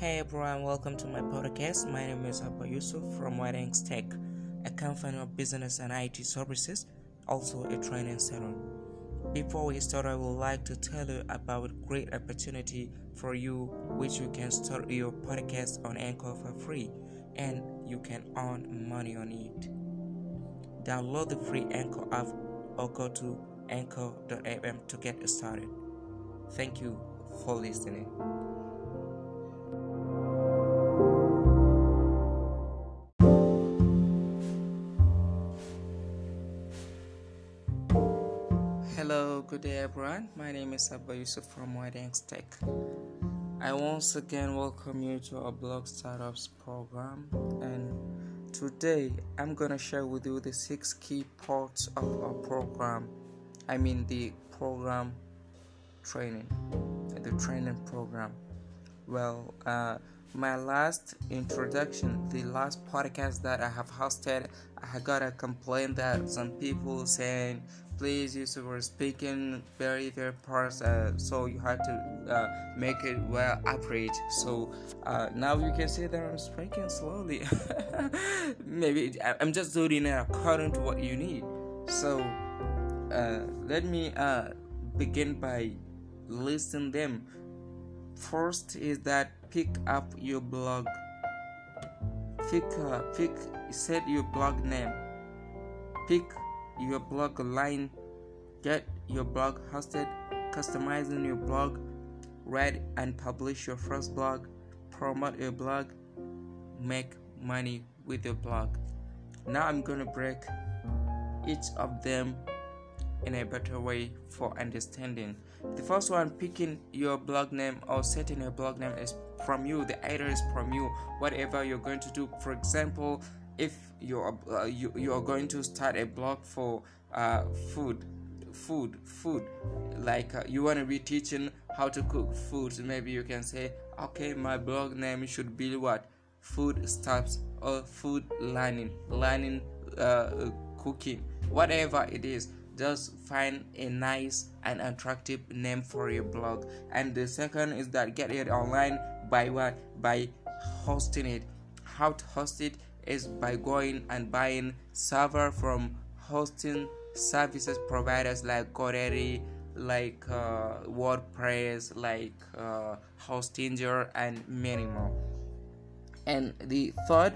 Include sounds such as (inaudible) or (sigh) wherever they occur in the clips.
Hey everyone, welcome to my podcast. My name is Abba Yusuf from Whitehanks Tech, a company of business and IT services, also a training center. Before we start, I would like to tell you about great opportunity for you, which you can start your podcast on Anchor for free, and you can earn money on it. Download the free Anchor app or go to anchor.fm to get started. Thank you for listening. Hello, good day everyone. My name is Abba Yusuf from Wedding Tech. I once again welcome you to our blog startups program and today I'm going to share with you the six key parts of our program. I mean the program training, the training program. Well, uh, my last introduction, the last podcast that I have hosted, I got a complaint that some people saying please your speaking very very parts uh, so you have to uh, make it well Upgrade, so uh, now you can see that I'm speaking slowly (laughs) maybe I'm just doing it according to what you need so uh, let me uh, begin by listing them first is that pick up your blog pick uh, pick set your blog name pick your blog online, get your blog hosted, customizing your blog, write and publish your first blog, promote your blog, make money with your blog. Now I'm gonna break each of them in a better way for understanding. The first one, picking your blog name or setting your blog name is from you. The idea is from you. Whatever you're going to do, for example, if you are uh, you, you are going to start a blog for uh, food food food like uh, you want to be teaching how to cook foods maybe you can say okay my blog name should be what food stuffs or food learning learning uh, cooking whatever it is just find a nice and attractive name for your blog and the second is that get it online by what by hosting it how to host it is by going and buying server from hosting services providers like GoDaddy, like uh, WordPress, like uh, Hostinger, and many more. And the third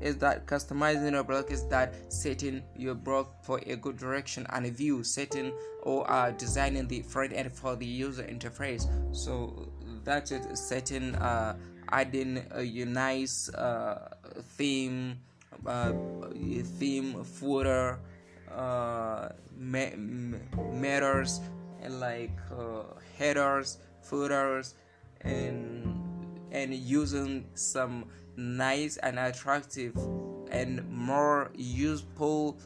is that customizing your blog is that setting your blog for a good direction and a view, setting or uh, designing the front end for the user interface. So that's it, setting, uh, adding a nice. Uh, theme uh, theme footer uh, matters and like uh, headers footers and and using some nice and attractive and more useful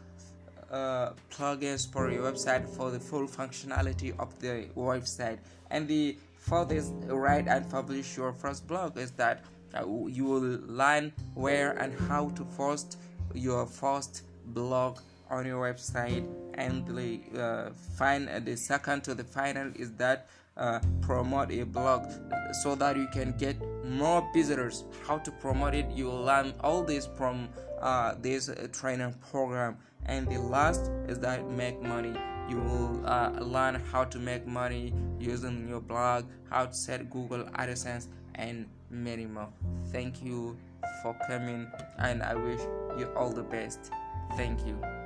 uh, plugins for your website for the full functionality of the website and the for this write and publish your first blog is that uh, you will learn where and how to post your first blog on your website and the uh, fine uh, the second to the final is that uh, promote a blog so that you can get more visitors how to promote it you will learn all this from uh, this training program and the last is that make money you will uh, learn how to make money using your blog how to set google adsense and minimum. Thank you for coming, and I wish you all the best. Thank you.